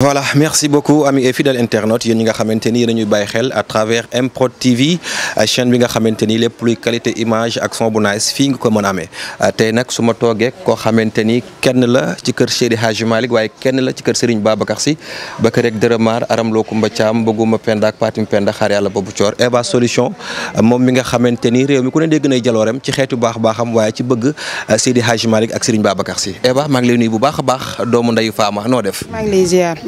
voilà merci beaucoup amis et fidèles internautes yéen ñi nga xamante ni yéen ñuy bàyyi xel a travers MPROD TV euh, chaîne bi nga xamante ni lépp luy qualité image ak son bu nice fii nga ko mën a amee euh, tey nag su ma toogee koo xamante ni kenn la ci kër Seydi Hadji Malick waaye kenn la ci kër Serigne Babacar Sy ba kër rek dërëmaar aram loo kumba caam bëgguma penda ak patim penda xaar yàlla boobu coor Eva Solution euh, moom mi nga xamante ni réew mi ku ne dégg nay jaloorem ci xeetu baax baaxam waaye ci bëgg Seydi Hadji Malick ak Serigne Babacar Sy Eva maa ngi lay nuyu bu baax a baax doomu ndeyu Faama noo def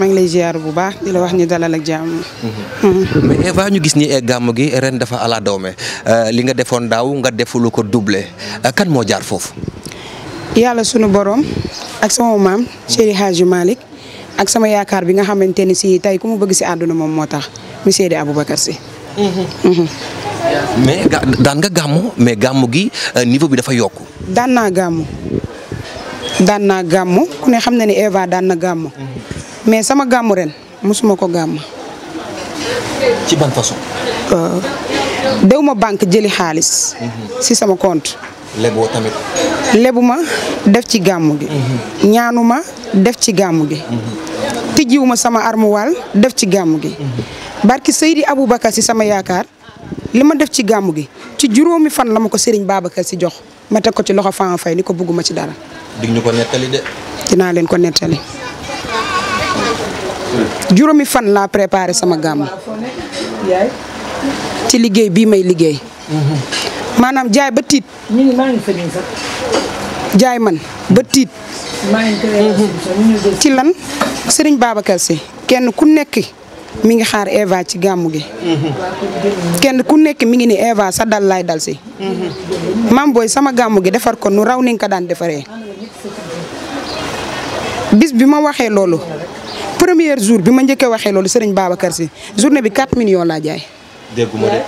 maa ngi lay ziar bu baax di la wax ni dalal ak jàmm. Mm-hmm. mais Eva ñu gis ni gàmm gi ren dafa ala doome euh, li nga defoon daaw nga defulu ko doublé euh, kan moo jaar foofu. yàlla sunu borom ak sama maam Seydi Hadji Malick ak sama yaakaar bi nga xamante ni si tey ku mu bëgg si àdduna moom moo tax mu Seydi Aboubacar Sy. Mm-hmm. Mm-hmm. mais daan nga gàmm mais gàmm gi euh, niveau bi dafa yokku. daan naa gàmm daan naa gàmm ku ne xam na ne Eva daan na gàmm. mais sama gàmmu ren mosuma ko gàmm. ci ban façon. Euh, dew ma banque jëli xaalis. si mhm. sama compte. leboo lebu ma def ci gàmmu gi. Mhm. ñaanu ma def ci gàmmu gi. Mhm. tijjiwu ma sama armuwaal def ci gàmmu gi. barki Seydi Aboubacar si sama yaakaar li ma def ci gàmmu gi ci juróomi fan la ma ko Serigne Babacar si jox ma teg ko ci loxo Fama Faye ni ko bugguma ci dara. dig ñu ko nettali de. dinaa leen ko nettali. juróomi fan laa préparé sama gàmm ci liggéey bii may liggéey maanaam jaay ba tiit jaay man ba tiit mhm. ci lan sëriñ Babacar Sy kenn ku nekk mi ngi xaar Eva ci gàmmu gi kenn ku nekk mi ngi ni Eva sa dal laay dal si mhm. maam booy sama gàmmu gi defar ko nu raw ni nga ko daan defaree bis bi ma waxee loolu premier jour bi ma njëkk waxee loolu sëriñ Babacar si journée bi 4 millions laa jaay. dégguma de.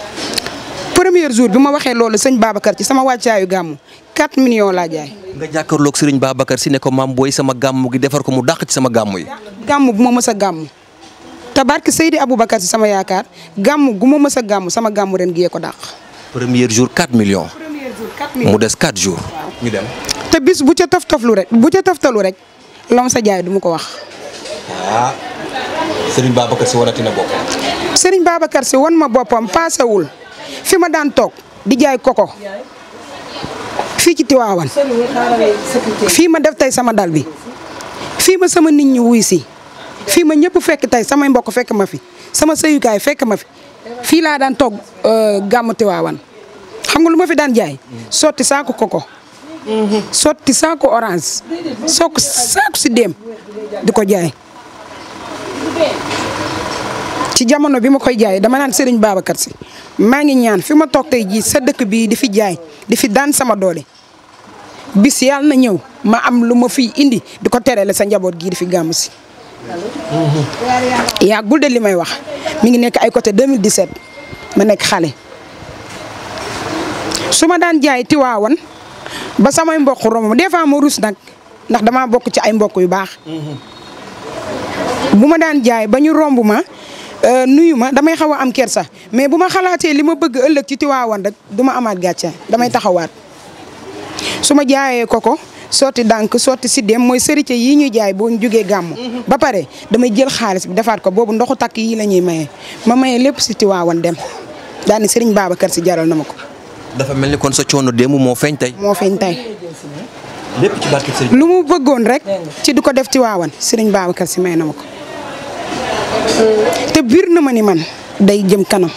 premier jour bi ma waxee loolu sëñ Babacar si sama wàccaayu gàmmu 4 millions laa jaay. nga jàkkaarloog sëriñ Babacar si ne ko maam booy sama gàmmu gi defar ko mu dàq ci sama gàmmu yi. gàmmu bu ma mës a gàmmu te barke Seydi Aboubacar si sama yaakaar gàmmu gu ma mës a gàmmu sama gàmmu ren giyee ko dàq. premier jour 4 millions. mu des 4 jours. ñu dem. te bis bu ca taf taflu rek bu ca taftalu rek lam sa jaay du ma ko wax. ah Serigne Babacar si wanati na boppam. Serigne Babacar si wan ma boppam paasewul fi ma daan toog di jaay koko fii ci Tiwaawan ma def tey sama dal bi fii ma sama nit ñi wuy si fii ma ñëpp fekk tey samay mbokk fekk ma fi sama sëyukaay fekk ma fi fii laa daan toog euh, gàmmu Tiwaawan xam nga lu ma fi daan jaay sotti saako koko mhm. sotti saako orange sook saako si dem di ko jaay ci jamono bi ma koy jaay dama naan Serigne Babacar si maa ngi ñaan fi ma toog tey jii sa dëkk bii di fi jaay di fi daan sama doole bis yàlla na ñëw ma am lu ma fi indi di ko terele sa njaboot gii di fi gàmm si. yàggul de li may wax mi ngi nekk ay côté 2017 ma nekk xale su ma daan jaay Tiwaawan ba samay mbokk romb des fois ma rus nag ndax damaa bokk ci ay mbokk yu baax. Mm-hmm. bu ma daan jaay ba ñu romb ma Euh, nuyu ma damay xaw a am sax mais bu ma xalaatee li ma bëgg ëllëg ci Tiwaawan rek du ma amaat gàcce damay taxawaat su ma jaayee ko ko sotti dànk sotti siddéem mooy sërite yi ñuy jaay boo jugee gàmm mhm. ba pare damay jël xaalis bi defaat ko boobu ndoxu takk yi lañuy ñuy ma maye lépp si Tiwaawan dem daani Serigne Babacar si jaral na ma ko. dafa mel ni kon sa coono démb moo feeñ tey. moo feeñ tey. lépp lu mu bëggoon rek. ci du ko def Tiwaawan baaba Babacar si may na ma ko. te biir na ma ni man day jëm kanam.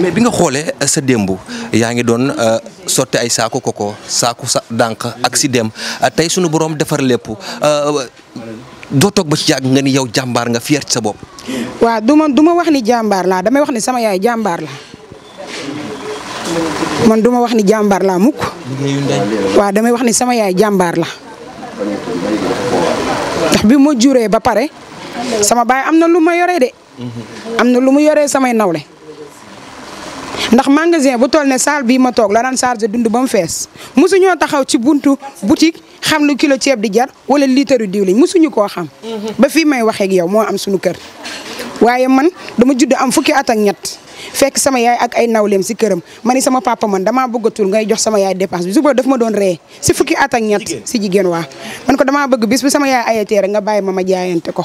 mais bi nga xoolee euh, sa démb yaa ngi doon euh, sotti ay saaku koko saaku sa dànq ak si dem euh, tey sunu boroom defar lépp doo toog ba ci yàgg nga ni yow jàmbaar nga fier ci sa bopp. waa du ma du ma wax ni jàmbaar laa damay wax ni sama yaay jàmbaar la. man duma wax ni jàmbaar laa mukk damay wax ni sama yaay jàmbaar la ndax bi ma juree ba pare sama baay am na lu ma yoree de. am na lu mu yoree samay nawle. ndax magasin bu toll ne salle bi ma toog la daan chargé dund ba mu fees mosuñoo taxaw ci buntu boutique xam lu kilo ceeb di jar wala litre diwlin mosuñu koo xam. ba fii may waxee ak moo am suñu kër. waaye man dama judd am fukki at ak ñett fekk sama yaay ak ay nawleem si këram ma ni sama papa man damaa bëggatul ngay jox sama yaay dépense bi suba ma doon ree si fukki at ak ñett si jigéen waa man ko damaa bëgg bis bu sama yaay ayatee rek nga bàyyi ma ma jaayante ko.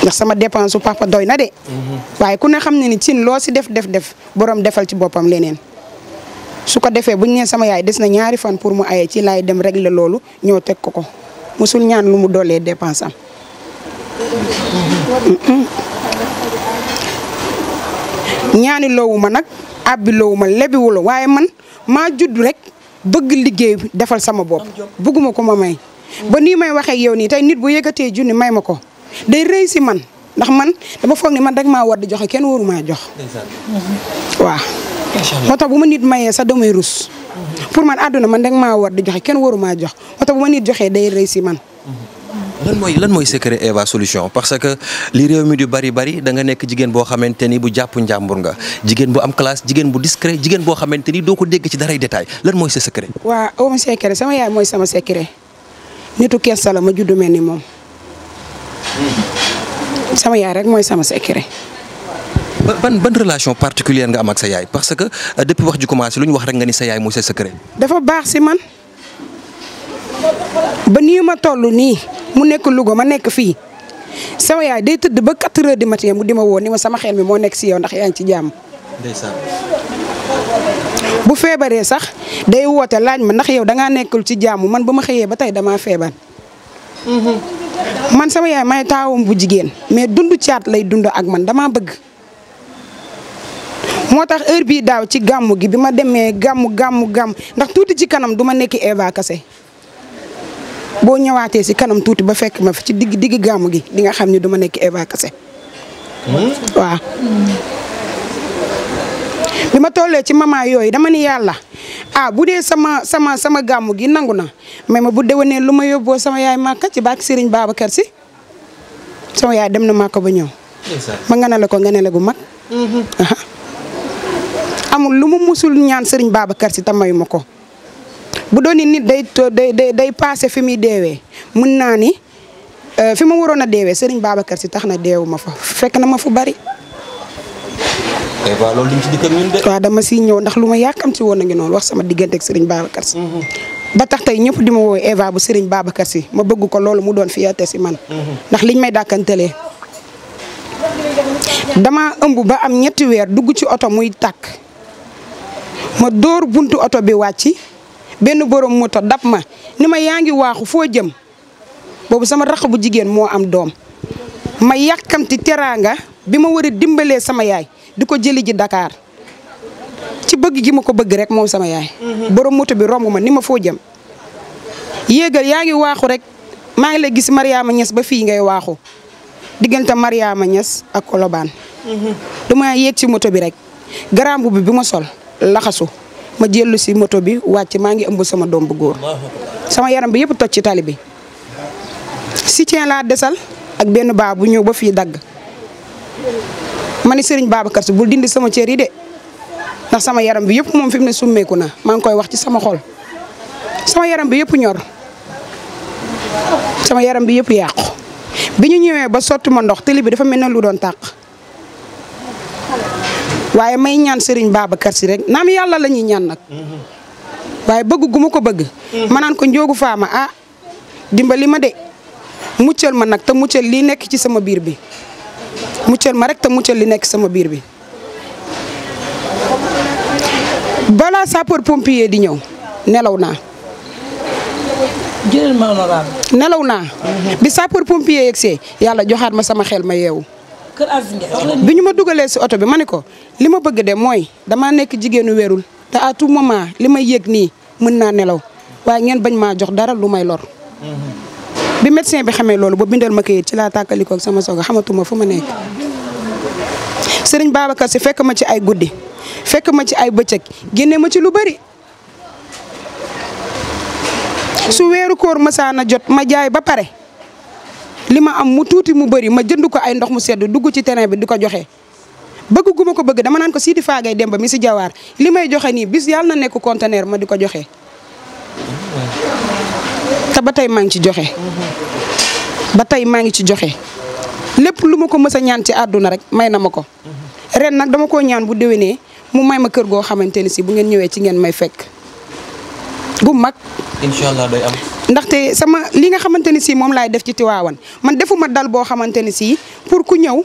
ndax sama dépense su papa doy na de. waaye ku ne xam ne ni cin loo si def def def boroom defal ci boppam leneen. su ko defee buñ ne sama yaay des na ñaari fan pour mu aye ci laay dem régler loolu ñëw teg ko ko mosul ñaan lu mu doolee dépense am. ñaani loowu ma nag abbi loowu ma lebiwu la waaye man maa judd rek bëgg liggéey defal sama bopp. bëgguma ko ma may. ba nii may waxee yow nii tey nit bu yëkkatee junni may ma ko. day rëy si man ndax man dama foog ni man rek maa war di joxe kenn waru maa jox. waaw. moo tax bu ma nit mayee sax damay rus. pour man àdduna man rek maa war di joxe kenn waru maa jox moo tax ma nit joxee day rëy si man. lan mooy lan mooy secret Eva solution parce que li réew di bari bari da nga nekk jigéen boo xamante ni bu jàpp njàmbur nga jigéen bu am classe jigéen bu discret jigéen boo xamante ni doo ko dégg ci daray détail lan mooy sa secret. waaw aw sama yaay mooy sama secret nitu kees la ma juddu mel ni moom. sama yaay rek mooy sama secret. ban ban relation particulière nga am ak sa yaay parce que euh, depuis wax ji commencé lu ñu wax rek nga ni sa yaay mooy sa secret. dafa baax si man ba nii ma toll nii mu nekk Louga ma nekk fii sama yaay day tëdd ba 4 di du matin mu di ma woo ni ma sama xel mi moo nekk si yow ndax yaa ngi ci jàmm. ndeysaan. bu feebaree sax day woote laaj ma ndax yow da ngaa nekkul ci jàmm man ba ma xëyee ba tey damaa feebar. Mm-hmm. man sama yaay may taawam bu jigéen mais dund caat lay dund ak man damaa bëgg moo tax heure bii daaw ci gàmmu gi bi ma demee gàmmu gàmmu gàmm ndax tuuti ci kanam du ma nekki Eva Kassé boo ñëwaatee si kanam tuuti ba fekk ma fi ci digg digg gàmmu gi di nga xam ne duma nekk nekki Eva Kassé hmm? waaw ma tollee ci maman yooyu dama ni yàlla ah bu dee sama sama sama gàmmu gi nangu na mais ma bu déwénee lu ma yóbboo sama yaay màkka ci baak sëriñ baaba si sama yaay dem na màkka ba ñëw ma nga ne ko nga ne gu mag mm-hmm. amul lu mu musul ñaan sëriñ Babacar si tamayu mayuma ko bu doon nit day day day day passé fi muy deewee mun naa ni euh, fi ma waroon a deewee sëriñ Babacar si tax na deewu ma fa fekk na ma fu bari kay eh, waaw ci dama siy ñëw ndax lu ma yàkkamti woon a ngi noonu wax sama diggante ak Serigne Babacar Sy. Mm-hmm. ba tax tey ñëpp di ma woowee Eva bu Serigne Babacar ma bëgg ko loolu mu doon fierté si man. Mm-hmm. ndax liñ may dàkkantelee. dama ëmb ba am ñetti weer dugg ci oto muy tàkk. ma dóor buntu oto bi wàcc benn borom moto dab ma ni ma yaa ngi waaxu foo jëm boobu sama rax jigéen moo am doom ma yàkkamti teraanga bi ma war dimbalee sama yaay di ko jëli ji dakaar ci bëgg ji ma ko bëgg rek moom sama yaay. Mhm. borom moto bi romb ma ni ma foo jëm. yéegal yaa ngi waaxu rek maa ngi lay gis Mariama Niass ba fii ngay waaxu diggante Mariama Niass ak Colobane. Mhm. dama yéeg ci moto bi rek garambu bi bi ma sol laxasu ma jëllu si moto bi wàcc maa ngi ëmb sama doom bu góor sama yaram bi yëpp toj ci tali bi. si ceen laa desal ak benn baa bu ñëw ba fi dagg ma seriñ Serigne Babacar Sy bul dindi sama cër yi de ndax sama yaram bi yëpp moom fi mu ne summeeku na maa ngi koy wax ci sama xol sama yaram bi yépp ñor sama yaram bi yëpp yàqu bi ñu ñëwee ba sotti ma ndox tëli dafa mel ne lu doon tàq waaye may ñaan Serigne Babacar Sy rek naam yàlla la ñaan nag waaye bëgg gu ma ko bëgg ma naan ah, dimbali ma de muccal ma nag te muccal lii nekk ci sama biir bi muccal ma rek te muccal li nekk sama biir bi balaa sapeur pompier di ñëw nelaw naa. nelaw naa. bi sapeur pompier see yàlla joxaat ma sama xel ma yeewu. kër bi ñu ma dugalee si oto bi ma ne ko li ma bëgg de mooy damaa nekk jigéenu wérul te à tout moment li may yëg nii mën naa nelaw waaye ngeen bañ maa jox dara lu may lor. Mhm. bi médecin bi xamee loolu ba bindal ma kayit ci laa tàkkalikoo ak sama sogo xamatuma fu ma nekk sëriñ Babacar si fekk ma ci ay guddi fekk ma ci ay bëccëg génnee ma ci lu bari su weeru koor masaana jot ma jaay ba pare li ma am mu tuuti mu bari ma jënd ko ay ndox mu sedd dugg ci terrain bi di ko joxe bëgg gu ko bëgg dama naan ko sii di faagay demba mi si jawaar li may joxe nii bis yàlla na nekk conteneur ma di ko joxe. te ba tey maa ngi ci joxe. ba tey maa ngi ci joxe lépp lu ma ko mës a ñaan ci àdduna rek may na ma ko. ren nag dama koo ñaan bu déwénee mu may ma kër goo xamante ni si bu ngeen ñëwee ci ngeen may fekk gu mag. incha ndaxte sama li nga xamante ni si moom laay def ci Tiwaawan man defuma dal boo xamante ni si pour ku ñëw.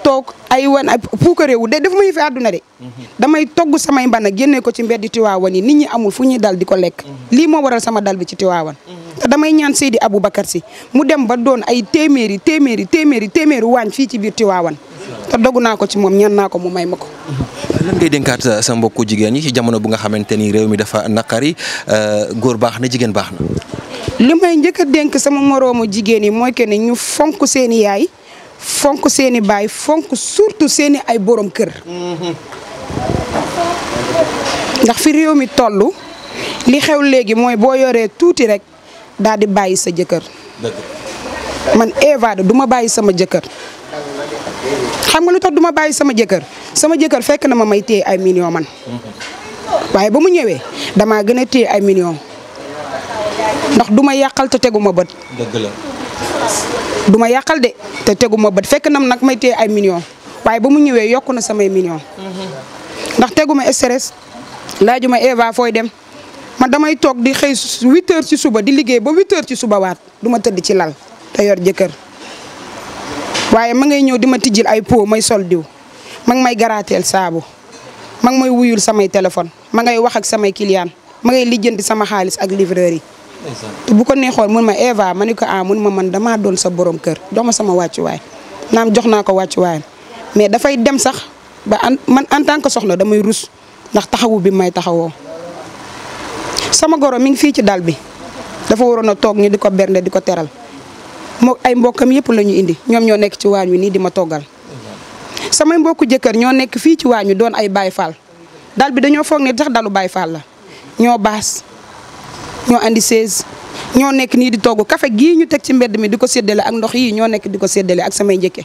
toog ay wan ay puukare wu de def ma yëfi àdduna de mhm. damay togg samay mbana génne ko ci mbeddi Tiwaawan yi nit ñi amul fu ñuy dal di ko lekk mhm. lii moo waral sama dal bi ci damay ñaan abu Aboubacar si mu dem ba doon ay téeméeri téeméeri téeméeri téeméeri waañ fii ci biir Tiwaawan te dogu naa ko ci moom ñaan naa ko mu may ma ko. la ngay denkaat euh, sa mbokku jigéen ñi ci jamono bu nga xamante ni réew mi dafa naqari euh, góor baax na jigéen baax na. li may njëkk a dénk sama moroomu jigéen yi mooy que ne ñu fonk seeni yaay fonk seeni baay fonk surtout seeni ay borom kër. Mm-hmm. ndax fi réew mi toll li xew léegi mooy boo yoree tuuti rek. daal di bàyyi sa jëkkër man Eva de du ma bàyyi sama jëkkër xam nga lu tax du ma bàyyi sama jëkkër sama jëkkër fekk na ma may téye ay millions man waaye ba mu ñëwee damaa gën a téye ay millions ndax du ma yàqal te tegu ma bët. dëgg la ma yàqal de te tegu ma bët fekk na nag may téye ay millions waaye ba mu ñëwee yokku na samay millions. Mhm. ndax tegu ma stress laajuma Eva fooy dem. man damay toog di xëy huit heures ci suba di liggéey ba huit heures ci suba waat du ma tëdd ci lal te jëkkër waaye ma ngay ñëw di ma tijjil ay po may sol diw ma ngi may garaateel saabu ma may wuyul samay téléphone ma ngay wax ak samay client ma ngay lijjanti sama xaalis ak livreur yi. te bu ko neexoon mun ma Eva ma ni ko ah mun ma man damaa doon sa borom kër jox ma sama wàccuwaay naam jox naa ko wàccuwaayam mais dafay dem sax ba man en tant que soxna damay rus ndax taxawu bi may taxawoo. sama goro mi ngi fii ci dal bi dafa waroon a toog ñu di ko bernde di ko teral moo ay mbokkam yëpp la ñu indi ñoom ñoo nekk ci waañ wi nii di ma toggal samay mbokku jëkkër ñoo nekk fii ci waañ wi doon ay Baay Faal dal bi dañoo foog ne sax dalu Baay Faal la ñoo baas ñoo indi seize ñoo nekk nii di togg café gii ñu teg ci mbedd mi di ko séddale ak ndox yi ñoo nekk di ko séddale ak samay njëkke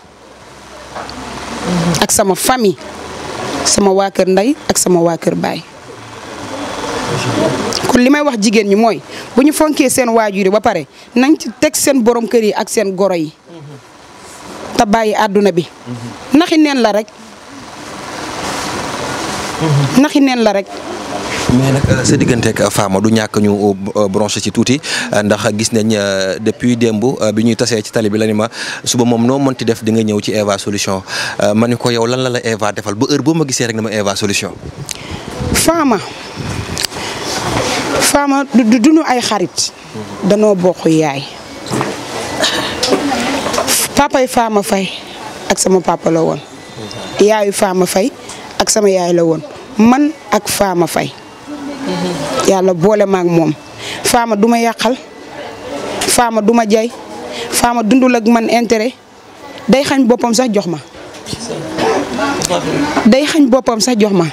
ak sama famille sama waa kër ndey ak sama waa kër baay li may wax jigéen ñi mooy bu ñu fonkee seen waajur yi ba pare nañ teg seen boroom kër yi ak seen goro yi te bàyyi àdduna bi naxi neen la rek naxi neen la rek mais euh, sa diggante ak Fama du ñàkk ñu euh, euh, branché ci tuuti ndax gis nañ depuis démb bi ñuy tasee ci talibi bi la ni ma suba moom noo mënti def di nga ñëw ci Eva Solution ma ni ko yow lan la la Eva defal ba heure boo ma gisee rek na ma Eva Solution Fama faama du duñu ay xarit danoo bokk yaay papay faama fay ak sama papa la woon yaayu faama fay ak sama yaay la woon man ak faama fay yàlla boole maak moom faama du ma yàqal faama duma ma jay faama dundul ak man intérêt day xañ boppam sax jox ma day xañ boppam sax jox ma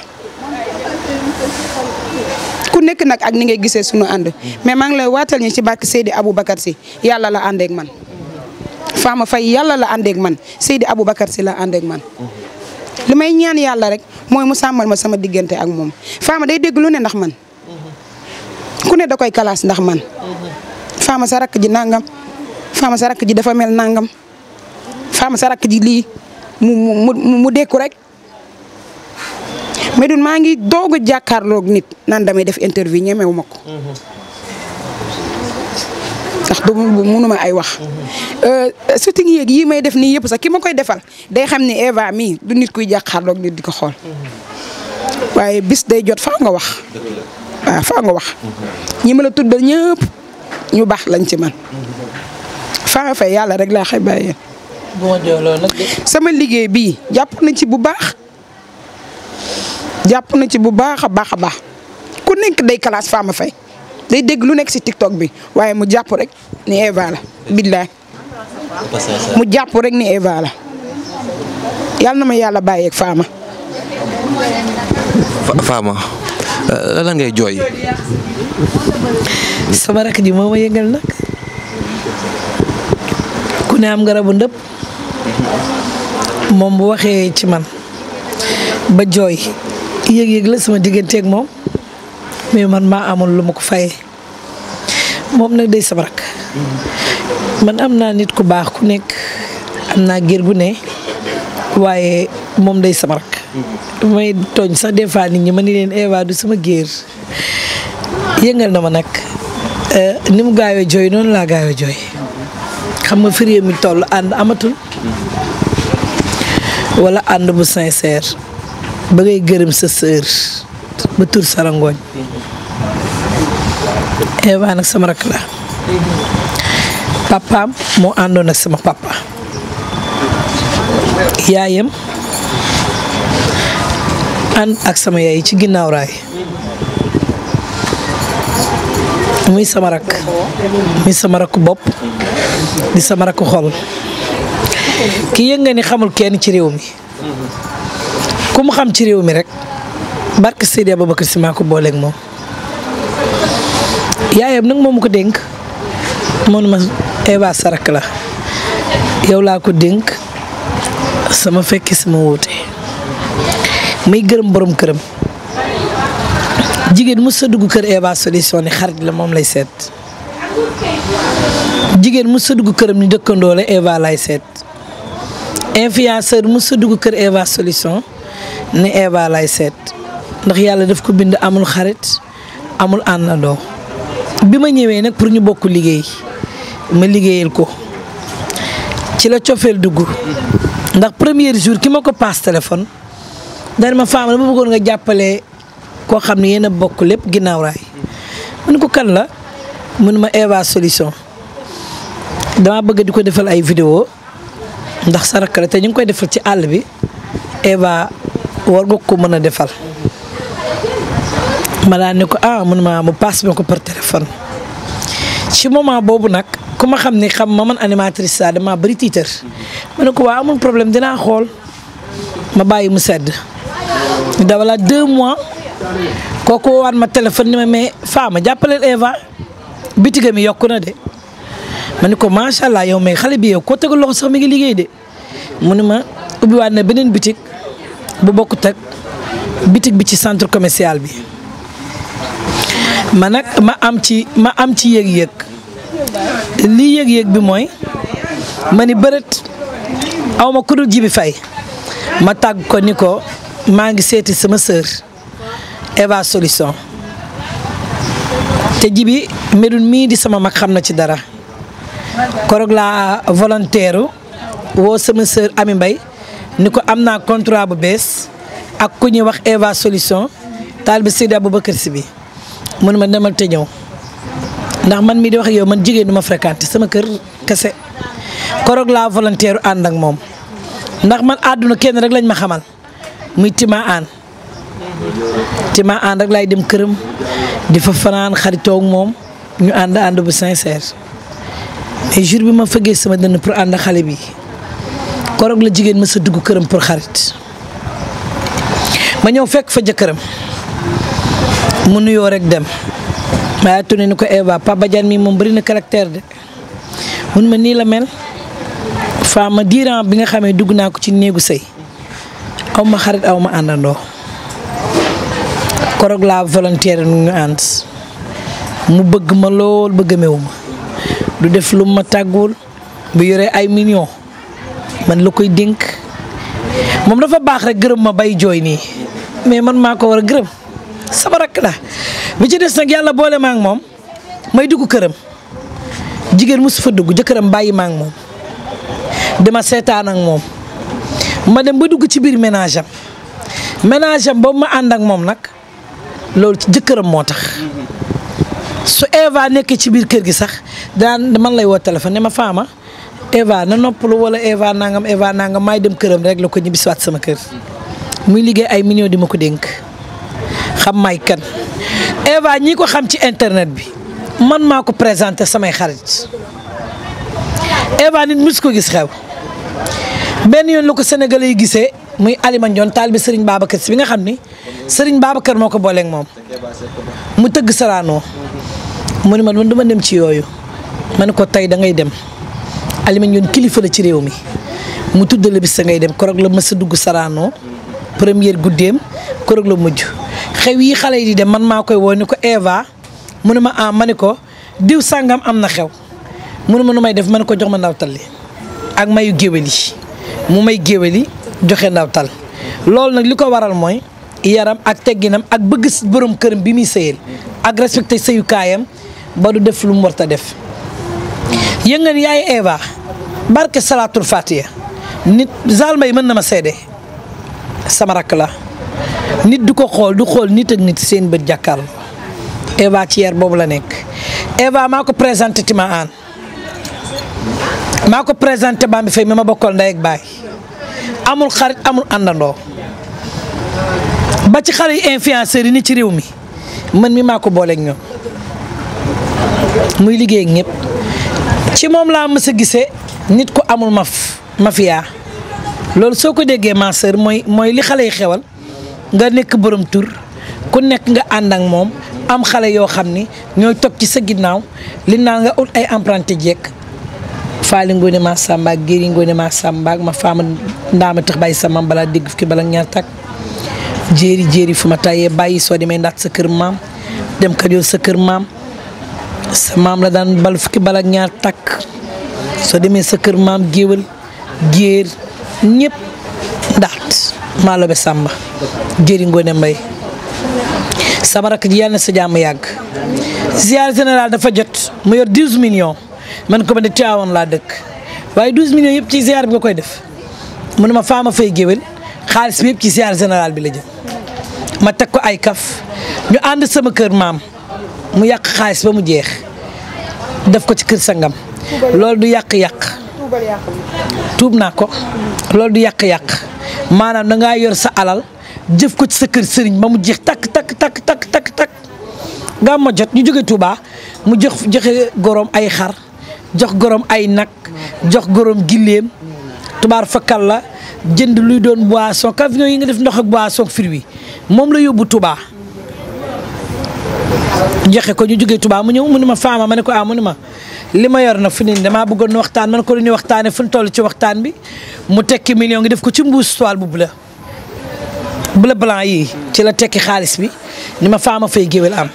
nekk nag ak ni ngay gisee sunu ànd mais maa ngi lay waatal ñi ci barke Seydi Aboubacar si yàlla la àndeek man Fama fay yàlla la àndeek man Seydi Aboubacar si la àndeek man li may ñaan yàlla rek mooy mu sàmmal ma sama diggante ak moom Fama day dégg ne ndax man ku ne da koy kalaas ndax man Fama sa rakk ji nangam Fama sa rakk ji dafa mel nangam Fama sa rakk ji lii mu dekku rek Médoune maa ngi doog a jàkkaarloog nit naan damay def interview ñemewu ma ko. ndax du munuma ay wax. Euh, shooting yeeg yii may def nii yëpp sax ki ma koy defal day xam ne Eva mii du nit kuy jàkkaarloog nit di ko xool. waaye bis day jot faa nga wax. nga wax. ñi ma la ñëpp ñu baax lañ ci man faa fay yàlla rek laa xay bàyyee. sama liggéey bi jàpp nañ ci bu baax. jàpp na ci bu baax a baax a baax ku nekk day classe Fama Faye day dégg lu nekk ci TikTok bi waaye mu jàpp rek ni Eva la billaay mu jàpp rek ni Eva la yàlla na ma yàlla bàyyeeg Fama. Fama euh, la ngay jooy. sama rakk ji moo ma yëngal nag ku ne am bu ndëpp moom bu waxee ci man ba jooy yëg-yëg la sama digganteeg moom mais man maa amul lu ma ko fayee moom nag day sama rakk man am naa nit ku baax ku nekk am naa gér gu ne waaye moom day sama rakk may tooñ sax des fois nit ñi ma ni leen Eva eh du sama géer yëngal na ma nag eh, ni mu gaawee jooy noonu laa gaawee jooy xam nga fi réew mi toll ànd amatul wala ànd bu sincère ba ngay gërëm sa sœur ba tur sarangooñ Eva nag sama rakk la papaam moo àndoon ak sama papa yaayam ànd ak sama yaay ci ginnaaw raay muy sama rakk muy sama rakk bopp di sama rakk xol ki yënga ni xamul kenn ci réew mi ku mu xam ci réew mi rek barke Seydi Ababacar Si maa ko booleeg moom yaayam nag moomu ko dénk mënuma Eva Sarak la yow laa ko dénk sama fekki sama wuute muy gërëm borom këram jigéen mu sa dugg kër Eva solution ni xarit la moom lay set jigéen mu sa dugg këram ni dëkkandoo la Eva lay seet influenceur mu sa dugg kër Eva solution ni Eva lay seet ndax yàlla daf ko bind amul xarit amul àndandoo bi ma ñëwee nag pour ñu bokk liggéey ma liggéeyal ko ci la cofeel dugg ndax première jour ki ma ko paas téléphone dana ma faama dama bëggoon nga jàppale koo xam ne yéen a bokk lépp ginnaaw raay mu ne ko kan la mu ne ma Eva solution dama bëgg di ko defal ay vidéo ndax sa te ñu ngi koy defal ci àll bi Eva war nga ko a defal ma daan ne ko ah man ma mu paas ma ko par téléphone ci moment boobu nag ku ma xam ne xam ma man animatrice saa dama bëri tiitër ma ne ko waa amul problème dinaa xool ma bàyyi mu sedd dawala deux mois kooku woowaat ma téléphone ni ma mais faa ma Eva bitigam yokku na de ma ne ko macha allah yow mais bi yow koo tegal loxo sax mi ngi liggéey de mu ne ma ubbiwaat na beneen bitig bu bokkut ak bitig bi ci centre commercial bi ma nag ma am ci ma am ci yëg-yëg lii yëg-yëg bi mooy ma ni bërët aw ma kudul jibi fay ma tàgg ko ni ko maa ngi seeti sama sœur Eva Solution te jibi medun mii di sama mag xam na ci dara korog laa volontaire woo sama sœur Ami mbay ni ko am naa contrat bu bees ak ku ñuy wax Eva Solution bu Seydi Aboubacar Si bi mun ma demal te ñëw ndax man mii di wax yow man jigéen du ma fréquenté sama kër kese koroog laa volontaire ànd ak moom ndax man àdduna kenn rek lañ ma xamal muy tima aan tima aan rek laay dem këram di fa fanaan xaritoog moom ñu ànd ànd bu sincère mais jour bi ma fëggee sama dënn pour ànd xale bi koroog la jigéen ma a dugg këram pour xarit ma ñëw fekk fa jëkkëram mu nuyoo rek dem ma tuni ni ko Eva Pa Badiane mi moom bëri na caractère de mun ma nii la mel faama diiran bi nga xamee dugg naa ko ci néegu sëy aw ma xarit aw ma àndandoo koroog laa volontaire nu ñu ànd mu bëgg ma lool bëgg mewuma du def lu ma tàggul bu yore ay millions man la koy dénk moom dafa baax rek gërëm ma bay jooy nii mais man maa ko war a gërëm sama rakk la bi ci des nag yàlla boole ma ak moom may dugg këram jigéen mosu fa dugg jëkkëram bàyyi ma ak moom dama seetaan ak moom ma dem ba dugg ci biir ménage am ménage am ma ànd ak moom nag loolu ci jëkkëram moo tax su Eva nekkee ci biir kër gi sax daan man lay woo téléphone ne ma faama Eva na noppalu wala Eva nangam Eva nangam maay dem këram rek la ko ñibbisiwaat sama kër muy liggéey ay millions di ma ko dénk xam may kan Eva ñi ko xam ci internet bi man maa ko présenté samay xarit Eva nit mus ko gis xew benn yoon la ko Sénégalais yi gisee muy Alima Ndione taalibe Serigne Babacar si bi nga xam ni sëriñ baaba Babacar moo ko booleeg moom mu tëgg Sorano mu ne man man dama dem ci yooyu man ko tey da ngay dem. Alioune Ndione kilifa la ci réew mi mu tudd la bis sa ngay dem korog la mës a dugg Sorano première guddeem korog la mujj xew yi xale yi di dem man maa koy woo ni ko Eva mu ne ma ah mane ko diw sàngam am na xew mu ne ma nu may def ma ne ko jox ma ndawtal li ak mayu géwél yi mu may géwél yi joxe ndawtal loolu nag li ko waral mooy yaram ak tegginam ak bëgg borom këram bi muy sëyal ak respecté sëyu kaayam ba du def lu mu war ta def yëngal yaay Eva. barke salaatul fatiha nit zalma yi mën na ma seede sama rakk la nit du ko xool du xool nit ak nit seen bët jàkkaarloo Eva ci yer boobu la nekk Eva maa ko présenté ti maa ko présenté Bambi Faye mi ma bokkal ndey ak baay amul xarit amul àndandoo ba ci xale yi ni ci réew mi mën mi maa ko booleeg ñoom muy liggéey ak ci moom laa mës a nit ku amul maf mafia loolu soo ko déggee ma mooy mooy li xale yu xewal nga nekk borom tur ku nekk nga ànd ak moom am xale yoo xam ni ñooy toog ci sa ginnaaw li naa nga ut ay emprunté jekk faali ngoone ma sàmbaak géri ngoone ma sàmbaak ma faama ndaama tëx bàyyi sa maam balaa dégg fi bala ñaar tak jéeri jéeri fu ma tàyyee bàyyi soo demee ndaat sa kër maam dem ka yow sa kër maam sa maam la daan bal fukki bala ñaar takk soo demee sa kër maam géwël géer ñëpp ndaat maa lobe sàmba jëri ngoone mbay sama rakk ji yàlla na sa jàmm yàgg ziar général dafa jot mu yor 12 millions man ko ma ne Tiwaawan laa dëkk waaye 12 millions yëpp ci ziar bi nga koy def mu ne ma faama fay géwél xaalis bi yëpp ci ziar général bi la jëm ma teg ko ay kaf ñu ànd sama kër maam mu yàq xaalis ba mu jeex def ko ci kër sangam loolu du yàq-yàq tuub naa ko loolu du yàq-yàq maanaam danga yor sa alal jëf ko ci sa sëriñ ba mu jeex takk takk takk takk takk takk nga ma jot ñu jóge Touba mu jox joxe gorom ay xar jox gorom ay nag jox gorom gilleem tubaar fakkal la jënd luy doon boisson camion yi nga def ndox ak boisson fruit moom la yóbbu Touba joxe ko ñu jóge Touba mu ñëw mu ne ma faama ma ne ko ah mu ne ma li ma yor na fu nii damaa bëggoon waxtaan man ko lu ñuy waxtaanee fu ñu toll ci waxtaan bi mu tekki million ngi def ko ci mbuus toile bu bula bula blanc yi ci la tekki xaalis bi ni ma faama fay géwél am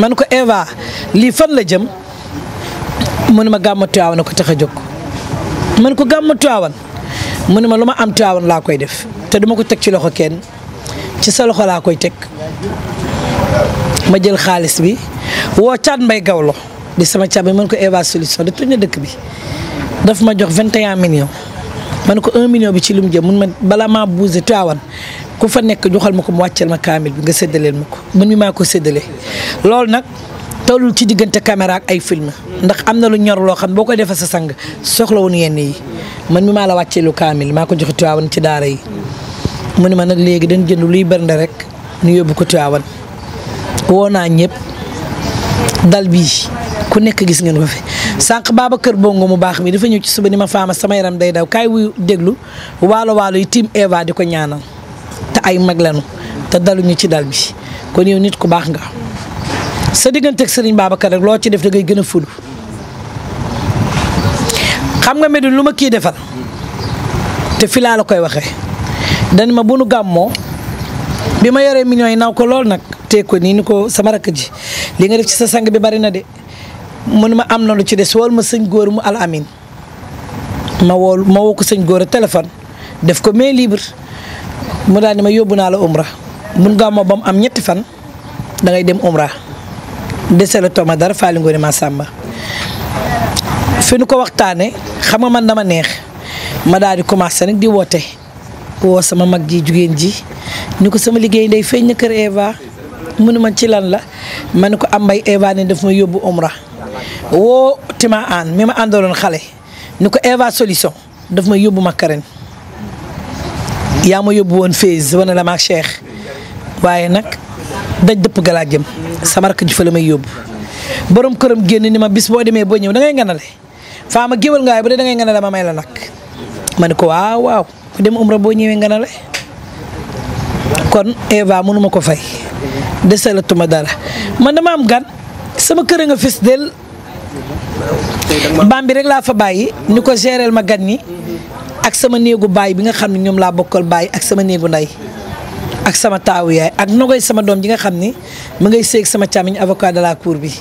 man ko Eva lii fan la jëm mu ne ma gàmmu Tiwaawan na ko tax a jóg man ko gàmmu Tiwaawan mu ne ma lu ma am Tiwaawan laa koy def te duma ko teg ci loxo kenn ci sa loxo laa koy teg ma jël xaalis bi woo caat mbay gawlo di sama càmmiñ mën ko Eva solution di toj na dëkk bi daf ma jox million millions man ko 1 million bi ci lu mu jëm mun ma bala maa bousé tuawaan ku fa nekk joxal ma ko mu wàcceel ma kaamil bi nga séddaleel ma ko man mi maa ko loolu nag tollul ci diggante caméra ay film ndax am na lu ñor loo xam boo koy defee sa sang soxla woon yenn man mi maa la wàccee lu kaamil maa ko joxe tuawaan ci daara yi mu ne ma nag léegi dañ jënd luy bernde rek nu yóbbu ko tuawaan woo naa ñëpp dal bii ku nekk gis ngeen ko fi sànq Babacar Bongo mu baax mi dafa ñëw ci suba ni ma faama sama yaram day daw kaay wuy déglu waalo waalo yi tiim Eva di ko ñaanal te ay mag lañu te daluñu ci dal bi kon yow nit ku baax nga sa digganteeg Serigne Babacar rek loo ci def da ngay gën a fulu xam nga Médoune lu ma kii defal te fi koy waxee dañ ma bu gàmmoo bi ma yoree millions yi naw ko lool nag te ko nii ni ko sama rakk ji li nga def ci sa sang bi bari na de. mun ma am na lu ci des wool ma sëñ góor mu al amin ma woo ma woo ko sëñ góor a téléphone def ko main libre mu daal di ma yóbbu naa la umra mun ngaa ma ba mu am ñetti fan da ngay dem umra dese la tooma dara faali ngoone ma sàmba fi nu ko waxtaane xam nga man dama neex ma daal di commencé nag di woote woo sama mag ji jigéen ji ni ko sama liggéey ndey feeñ na kër Eva mu ne ma ci lan la ma ne ko am mbay Eva ne daf ma yóbbu umra woo Tima An mi ma àndaloon xale nu ko Eva Solution daf ma yóbbu Makarène yaa ma yóbbu woon Fez wane la maag Cheikh waaye nag daj dëpp galaa jëm sabar ji fa la may yóbbu borom këram génn ni ma bis boo demee boo ñëw da ngay nganale faama géwal ngaay bu dee da ngay nganale ma may la nag ma ne ko waaw waaw ku dem umra boo ñëwee nganale kon Eva mënuma ko fay desalatuma dara man dama am gan sama kër nga fis del mbaam bi rek laa fa bàyyi ni ko géreel ma gan ñi ak sama néegu baay bi nga xam ne ñoom laa bokkal bàyyi ak sama néegu ndey ak sama taawu yaay ak nogoy sama doom ji nga xam ni ma ngay séeg sama càmmiñ avocat de la cour bi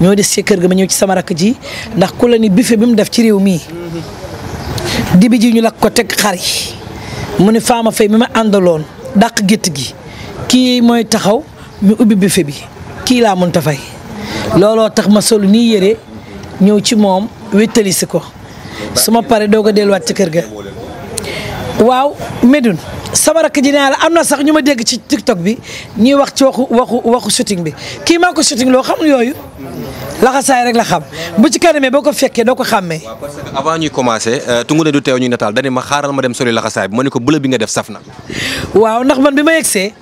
ñoo des ci kër ma ñëw ci sama rakk ji ndax ku la ni buffet mu def ci réew mii dibi ji ñu lakk ko teg xar yi mu ne faama fay mi ma àndaloon daq gétt gi kii mooy taxaw ñu ubbi buffet bi kii laa mënta fay looloo tax ma solu nii yére ñëw ci moom wéttali si ko su ma paree doo ko delluwaat ci kër ga. waaw Médoune sama rakk ji naa am na sax ñu ma dégg ci TikTok bi ñuy wax ci waxu waxu waxu shooting bi kii maa ko shooting loo xam yooyu laxasaay rek la xam bu ci kanamee boo ko fekkee doo ko xàmmee. waaw parce avant ñuy commencé euh, tungu ne du teew ñuy nataal dañu ma xaaral ma dem soli laxasaay bi ma ne ko bula bi nga def saf na. waaw ndax man bi ma yegsee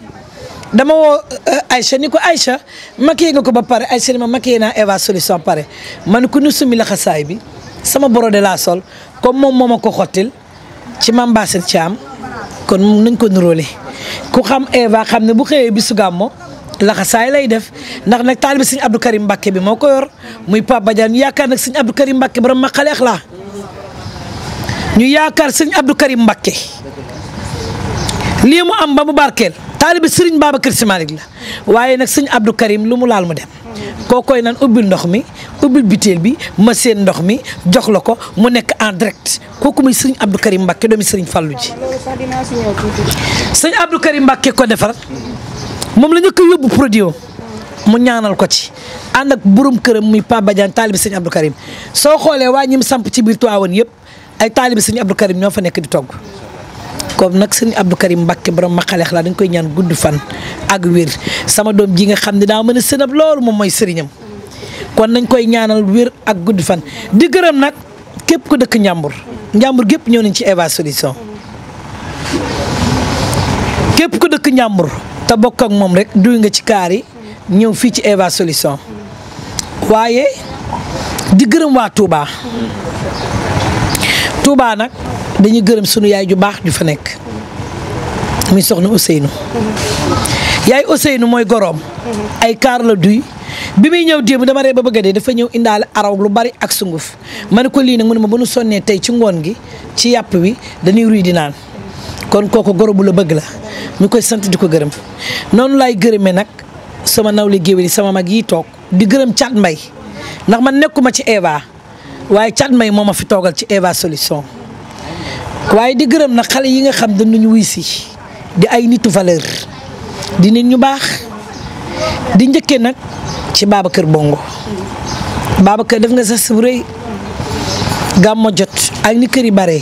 dama woo eh, Aïcha ni ko Aïcha maquillé nga ko ba pare Aïcha ni ma ma maquillé naa Eva solution pare man ku ñu summi laxasaay bi sama boro de la sol comme moom moo ma ko xottil ci mam ci am kon nañ ko nuróole ku xam Eva xam ne bu xëyee bisu gàmmo laxasaay lay def ndax nag taalibi sëñ Abdou Karim Mbacké bi moo ko yor muy Pape Badiane yaakaar nag siñ Abdou Karim Mbacké borom maqale ak laa ñu yaakaar sëñ Abdou Karim Mbacké lii mu am ba mu barkeel taalibe sëriñ Babacar Sy Malick la waaye nag sëñ Abdou Karim lu mu laal mu dem kookoy nan ubbil ndox mi ubbil butéel bi ma seen ndox mi jox la ko mu nekk en direct kooku muy sëriñ Abdou Karim Mbacke doomi sëriñ ji sëñ Abdou Karim Mbacke ko defar moom la ñu ko yóbbu produit mu ñaanal ko ci ànd ak borom këram muy Pape Badiane taalibi sëñ Abdou soo xoolee waa ñim samp ci biir Tiwaawan yëpp ay taalib sëñ Abdou Karim ñoo fa nekk di togg comme nag sëñ Abdou Karim Mbacke borom ma xaleex dañ koy ñaan gudd fan ak wér sama doom ji nga xam ne daa mën a sënab loolu moom mooy kon nañ koy ñaanal wér ak gudd fan di nag képp ku dëkk njàmbur njàmbur gépp ñëw nañ ci Eva Solution képp ku dëkk njàmbur te bokk ak moom rek duy nga ci kaari ñëw fii ci Eva Solution waaye di gërëm waa Touba Touba nag dañuy gërëm sunu yaay ju baax ju fa nekk muy soxna Ousseynou yaay Ousseynou mooy goroom ay kaar la duy bi muy ñëw démb dama ree ba bëgg a dee dafa ñëw indaale araw lu bari ak sunguf ma ne ko lii nag mu ma bu nu sonnee tey ci ngoon gi ci yàpp wi dañuy ruy di naan kon kooku goro bu la bëgg la ñu koy sant di ko gërëm noonu laay gërëmee nag sama nawle géwél sama mag yi toog di gërëm Cat Mbay ndax man nekkuma ci Eva waaye Cat Mbay moom ma fi toogal ci Eva solution waaye di gërëm na xale yi nga xam danañu wuy si di ay nitu valeur di nit ñu baax di njëkkee nag ci Babacar Bongo Babacar def nga sa bu rëy gàmmo jot ay ni kër yi bare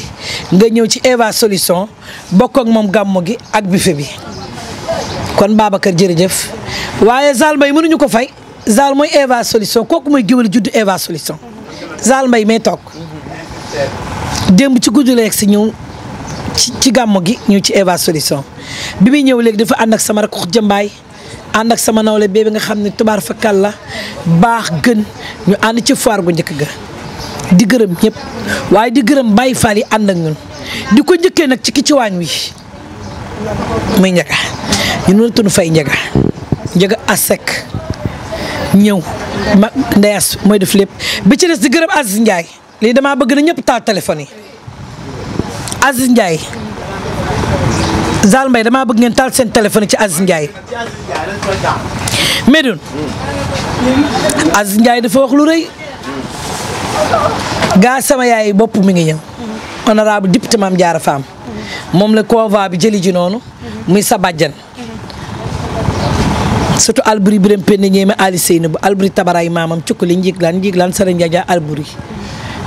nga ñëw ci Eva Solution bokk ak moom gàmmo gi ak buffet bi kon Babacar jërëjëf waaye Zal Mbaye mënuñu ko fay Zal mooy Eva Solution kooku mooy géwél juddu Eva Solution Zal mbay may toog démb ci guddi la yegg si ñëw ci ci gàmm gi ñëw ci Eva Solution bi muy ñëw léegi dafa ànd ak sama rakk jëmbaay ànd ak sama nawle bee bi nga xam ne tubaar fakkal la baax gën ñu ànd ci foir gu njëkk ga di gërëm ñépp waaye di gërëm Baye Fall yi ànd ak ñun di ko njëkkee nag ci ki ci waañ wi muy njëga ñu noonu tunu fay njëga njëga asek ñëw ma ndeyas mooy def lépp bi ci des di gërëm Aziz Ndiaye lii damaa bëgg na ñëpp taal téléphone yi Aziz Ndiaye Zal Mbaye damaa bëgg ngeen taal seen téléphone ci Aziz Ndiaye Medoune Aziz Ndiaye dafa wax lu rëy gaa yaay bopp mi ngi ñëw honorable député Mame Diarra Fam moom la convoi bi jëli ji noonu muy sa bàjjan surtout alburi biram penn ñeeme ali seynabu alburi tabaraay maamam cukku njiig laan njiig laan sara njaaja alburi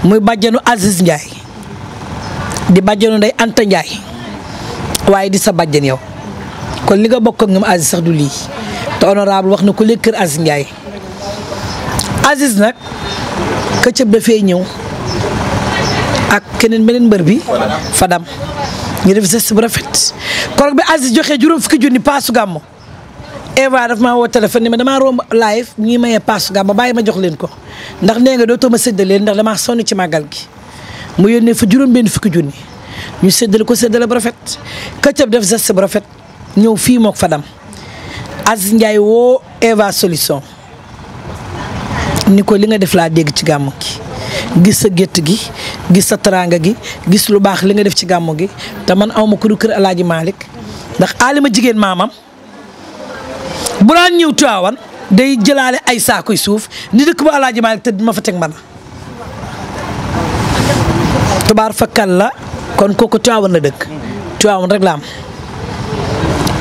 muy bàjjanu Aziz Ndiaye di bàjjanu nday Anta Ndiaye waaye di sa bàjjan yow kon li nga bokk ak ñoom sax du lii te honorable wax na ko léegi kër Aziz Ndiaye Aziz nag këccëg dafay ñëw ak keneen beneen mbër bi Fadam ñu def geste bu rafet korog bi Aziz joxe juróom fukki junni paasu gàmmu Eva daf maa woo téléphone ni ma damaa romb live ñi maye paas ga ba bàyyi ma jox leen ko ndax nee nga dootoo ma séddale ndax damaa sonn ci màggal gi mu yónnee fa juróom-benn fukki junni ñu séddale ko séddale bu rafet këccëb def geste bu rafet ñëw fii mook fa dam Aziz Ndiaye woo Eva solution ni ko li nga def laa dégg ci gàmmu gi gis sa gétt gi gis sa taraanga gi gis lu baax li nga def ci gàmmu gi te man awma ku du kër Alaaji Malick ndax alima jigéen maamam bu daan ñëw Tiwaawan day jëlaale ay saakoy suuf ni dëkk ba Alaaji Maalik tëdd ma fa man tubaar fakkal la kon kooku Tiwaawan la dëkk Tiwaawan rek la am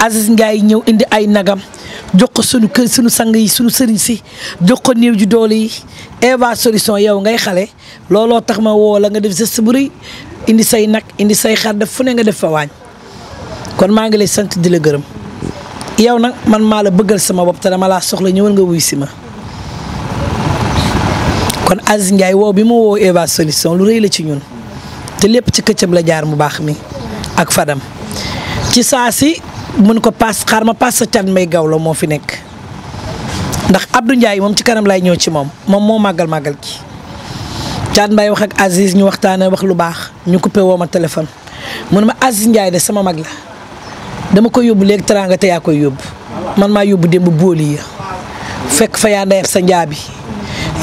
Aziz ñëw indi ay nagam jox ko sunu kër sunu sang yi sunu sëriñ si jox ko néew ju doole yi Eva solution yow ngay xale looloo tax ma woo la nga def geste bu rëy indi say nag indi say xar def fu ne nga def fa waañ kon maa ngi lay sant di la gërëm yow nag man maa la bëggal sama bopp te dama laa soxla ñëwal nga wuy si ma kon Aziz Ndiaye woo bi mu woo Eva solution lu rëy la ci ñun te lépp ci këccëb la jaar mu baax mi ak Fadam ci saa si mun ko paas xaar ma paas sa can may gawlo moo fi nekk ndax Abdou Ndiaye moom ci kanam lay ñëw ci moom moom moo màggal màggal gi Thiat Mbaye wax ak Aziz ñu waxtaanee wax lu baax ñu coupé woo ma téléphone mu ne ma Aziz de sama mag la. dama koy yóbbu léegi teraanga te yaa koy yóbbu man maa yóbbu démb booli ya fekk fa yaa ndeyab sa njaabi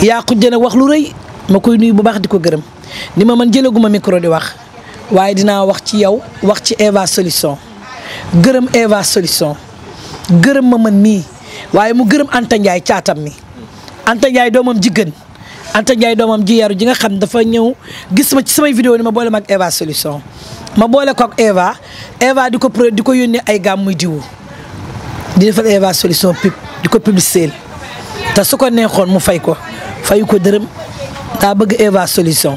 yaa a wax lu rëy ma koy nuy bu baax di ko gërëm ni ma man jëlaguma micro di wax waaye dinaa wax ci yow wax ci Eva Solution gërëm Eva Solution gërëm ma man mii waaye mu gërëm Anta Ndiaye caatam mi Anta Ndiaye doomam ji gën Anta Ndiaye doomam ji yaru ji nga xam dafa ñëw gis ma ci samay vidéo ni ma boole ma ak Eva Solution ma boole ko ak Eva Eva di ko pro di ko yónnee ay gàmm muy diwu di fa Eva solution pub di ko publicité te su ko neexoon mu fay ko fayu ko dërëm daa bëgg Eva solution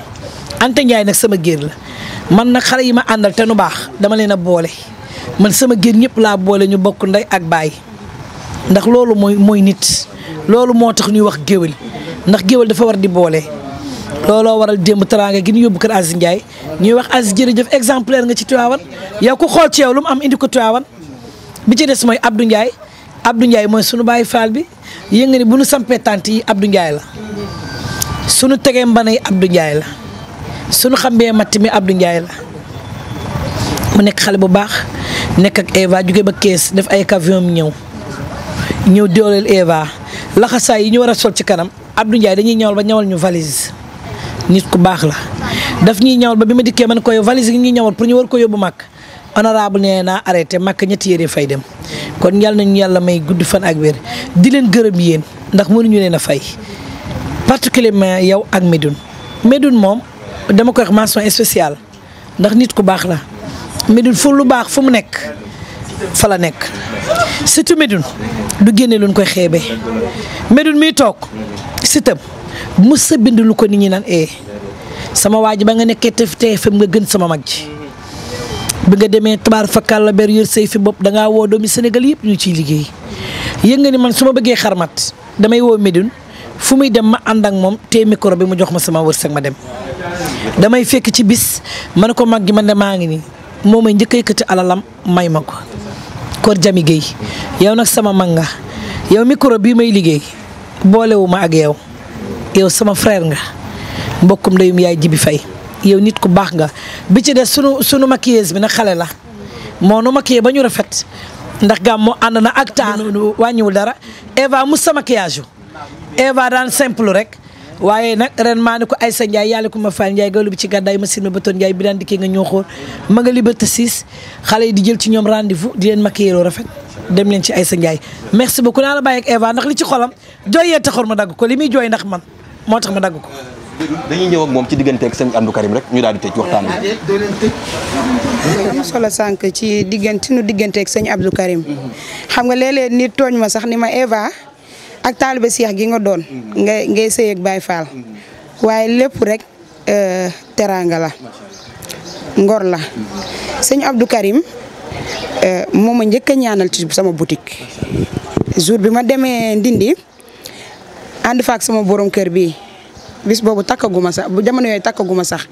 Anta Ndiaye nag sama géer la man nag xale yi ma àndal te nu baax dama leen a boole man sama géer ñëpp laa boole ñu bokk nday ak baay ndax loolu mooy mooy nit loolu moo tax ñuy wax géwél ndax géwél dafa war di boole. looloo waral démb teraanga gi nu yóbbu kër Aziz Ndiaye ñuy wax Aziz jërëjëf exemplaire nga ci Tiwaawan yow ku xool ci yow lu mu am indi ko Tiwaawan bi ci des mooy Abdou Ndiaye Abdou Ndiaye mooy sunu bàyyi faal bi yéen bu nu sampee tànt yi Abdou Ndiaye la sunu tegee mbana yi Abdou Ndiaye la sunu xambee matt mi Abdou Ndiaye la mu nekk xale bu baax nekk ak Eva jugee ba kees def ay cavion ñëw ñëw dooleel Eva laxasaay yi ñu war a sol ci kanam Abdou Ndiaye dañuy ñëwal ba ñawal ñu valise. nit ku baax la daf ñuy ñawal ba bi ma dikkee man koy valise yi ñuy ñawal pour ñu war ko yóbbu màkk honorable nee naa arrêté màkk ñetti yére fay dem kon yàlla nañu yàlla may gudd fan ak wér di leen gërëm yéen ndax mënuñu leen a fay particulièrement yow ak Médoune Médoune moom dama koy wax mention spéciale ndax nit ku baax la Médoune fu lu baax fu mu nekk fa la nekk surtout Médoune du génne luñ koy xeebe Médoune miy toog sitam mës a ko ni ñi naan ee eh, sama waa ji ba nga nekkee TFM nga gën sama mag ji bi nga demee tabaar fakkaal la ber yor fi bopp dangaa woo doomi senegal yëpp ñu ciy liggéey yëg nga ni man su ma bëggee xarmat damay woo Médoune fu muy dem ma ànd ak moom te micro bi mu jox ma sama wërsëg ma dem damay fekk ci bis ma ne ko mag gi man de maa ngi nii moo may njëkk yëkkati alalam may ma ko kor Jami Guèye nag sama mag nga yow micro bi may liggéey boolewuma ak yow sama frère nga mbokkum ndeyum yaay jibi fay yow nit ku baax nga bi ci des sunu sunu maquilleuse bi nag xale la moo nu maquillé ba ñu rafet ndax gàmmu ànd na ak taan wàññiwul dara Eva mu sa maquillage Eva daan simple rek waaye nag ren maa ne ko Aïssa Ndiaye yàlla ku ma faal Ndiaye gawlu bi ci gàddaay ma sin ma batoon Ndiaye bi daan dikkee nga ñoo xool ma nga liberté 6 xale yi di jël ci ñoom rendez-vous di leen maquillé loo rafet dem leen ci Aïssa Ndiaye merci beaucoup naa la bàyyi ak ndax li ci xolam jooyee taxoon ma dagg ko li muy jooy ndax man moo tax ma dagg ko. dañuy ñëw moom ci diggante ak sëñ Abdou Karim rek ñu daal di tëj waxtaan sànq ci diggante nu diggante sëñ Abdou nga léeg-léeg tooñ ma sax ni ma Eva ak taaliba gi nga doon. ngay ngay sëy ak Baye waaye lépp rek euh, teraanga la. ngor la sëñ Abdou Karim euh, moom a njëkk ñaanal ci sama boutique. jour bi ma demee Ndindi. ànd faak sama borom kër bii bis boobu takkaguma sax bu jamono yooyu takkaguma sax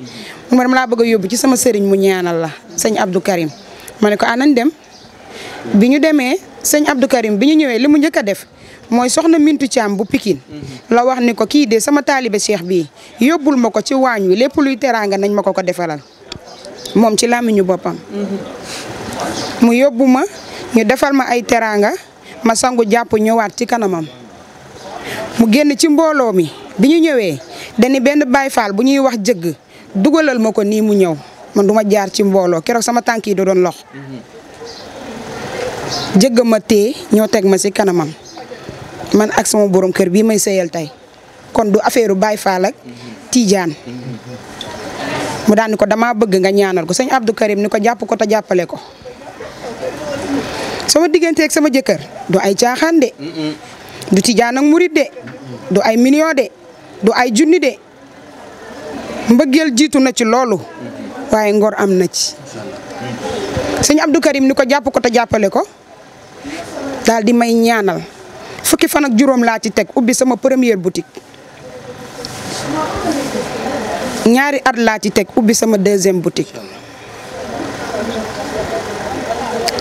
mu ma dama laa bëgg a yóbbu ci sama sëriñ mu ñaanal la sëñ Abdou Karim ma ne ko anañ ah, dem bi ñu demee sëñ Abdou Karim bi ñu ñëwee li mu njëkk a def mooy soxna Mintu Thiam bu Pikine mhm. la wax ni ko kii de sama taalibe Cheikh bii yóbbul ma ko ci waañ wi lépp luy teraanga nañ ma ko ko defalal moom ci làmmiñu boppam mhm. mu yóbbu ma ñu defal ma ay teraanga ma sangu jàpp ñëwaat ci kanamam mu génn ci mbooloo mi bi ñu ñëwee dañu benn Baay Faal bu ñuy wax jëgg dugalal ma ko nii mu ñëw man duma jaar ci mbooloo keroog sama tànk yi da doon lox jëgg ma tee ñoo teg ma si kanamam man ak sama boroom kër bii may sëyal tey kon du affaire bay Faal ak Tiijaan mu daan ni ko damaa bëgg nga ñaanal ko sëñ Abdou Karim ni ko jàpp ko te jàppale ko sama diggante sama jëkkër du ay caaxaan de du tijaan ak murit de du ay million de du ay junni de mbëggeel jiitu na ci loolu waaye ngor am na ci sëñ Abdou Karim ni ko jàpp ko te jàppale ko daal di may ñaanal fukki fan ak juróom laa ci teg ubbi sama première boutique ñaari at laa ci teg ubbi sama deuxième boutique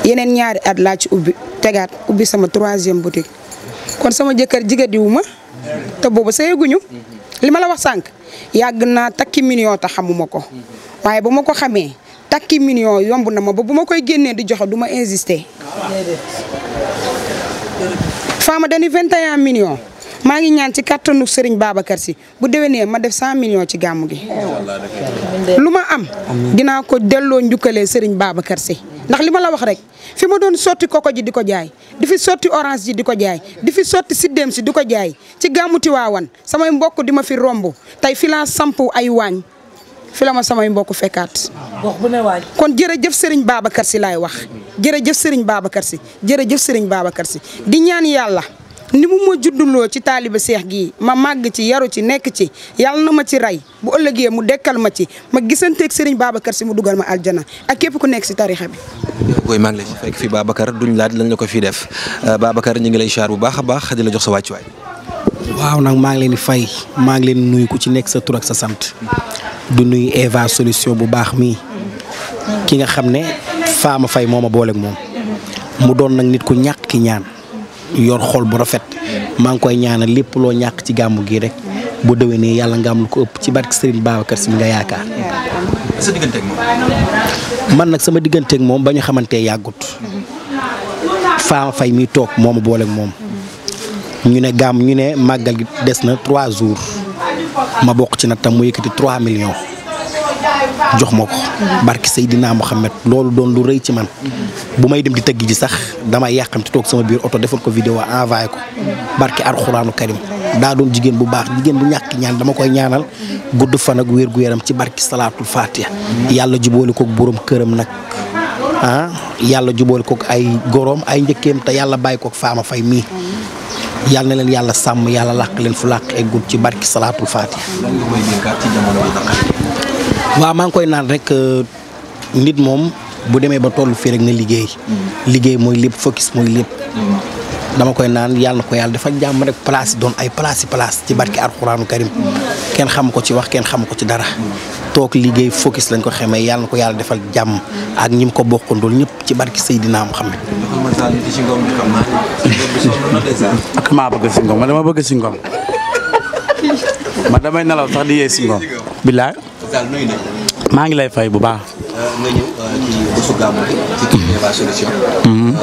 yeneen ñaari at laa ci ubbi tegaat ubbi sama troisième boutique kon sama jëkkër jigadiwu ma te boobu sëyeguñu li ma la wax sànq yàgg naa takki million te xamuma ko waaye bu ma ko xamee takki million yomb na ma ba bu ma koy génnee di joxe du ma insister. faama dañu million maa ngi ñaan ci kattanu Serigne Babacar si bu déwénee ma def 100 millions ci gàmmu gi. lu ma am. dinaa ko delloo njukkalee Serigne Babacar si ndax li ma la wax rek fi ma doon sotti koko ji di ko jaay di fi sotti orange ji di ko jaay di fi sotti siddéem si di ko jaay ci gàmmu waawan samay mbokk di ma fi romb tey fi laa ay waañ. fi la ma samay mbokku fekkaat. wax bu ne waay. kon jërëjëf Serigne Babacar si laay wax jërëjëf Serigne Babacar si jërëjëf Serigne Babacar si di ñaan yàlla. ni mu ma judduloo ci taaliba seex gi ma màgg ci yaru ci nekk ci yàlla na ma ci rey bu ëllëgee mu dekkal ma ci ma gisanteeg Serigne Babacar si mu dugal ma aljana ak képp ku nekk si tarixa bi. booy maa ngi lay fekk laaj lañ la ko fii def euh, Babacar ñu ngi lay xaar bu baax a baax di la jox sa wàccuwaay. waaw nag maa ngi leen di fay maa ngi leen nuyu ku ci nekk sa tur ak sa sant du nuyu Eva solution bu baax mii ki nga xam ne faama fay moo ma booleek moom mu doon nag nit ku ñàkk ki ñaan. yor xool bu rafet maa ngi koy ñaanal lépp loo ñàkk ci gàmmu gi rek bu déwénee yàlla nga am lu ko ëpp ci barke Serigne Babacar si nga yaakaar. man nag sama diggante moom ba ñu xamantee yàggut faama fay mi toog moomu boole moom ñu ne gàmm ñu ne màggal des na trois jours ma bokk ci nag tam mu yëkkati trois millions. jox ma ko barke Seydina Mohamed loolu doon lu rëy ci man bu may dem di tëgg ji sax damay yàqamti toog sama biir oto defoon ko vidéo envoyé ko barke alxuraanu karim daa doon jigéen bu baax jigéen bu ñàkk ñaan dama koy ñaanal gudd fan ak wér gu yaram ci barki salaatul fatiha yàlla juboole ko borom këram nag ah, yàlla juboole ko ay goroom ay njëkkeem te yàlla bàyyi ko faama fay mii yàlla na leen yàlla sàmm yàlla làq leen fu làq eggul ci barke salaatul fatiha waaw maa ngi koy naan rek euh, nit moom bu demee ba toll fii rek na liggéey. Mm-hmm. liggéey mooy lépp focus mooy lépp. Mm-hmm. dama koy naan yàlla na ko yàlla dafa jàmm rek place doon ay place place ci barke mm-hmm. alxuraanu karim kenn xam ko ci wax kenn xam ko ci dara. toog liggéey focus lañ ko xamee yàlla na ko yàlla defal jàmm ak ñi mu ko bokkandul ñëpp ci barke Seydina Muhammad. ak maa bëgg si ngoom ma dama bëgg si ngoom ma damay nelaw sax di yee si ngoom billaay maa ngi lay fay bu baax. Euh, nga ñëw euh, ci mhm.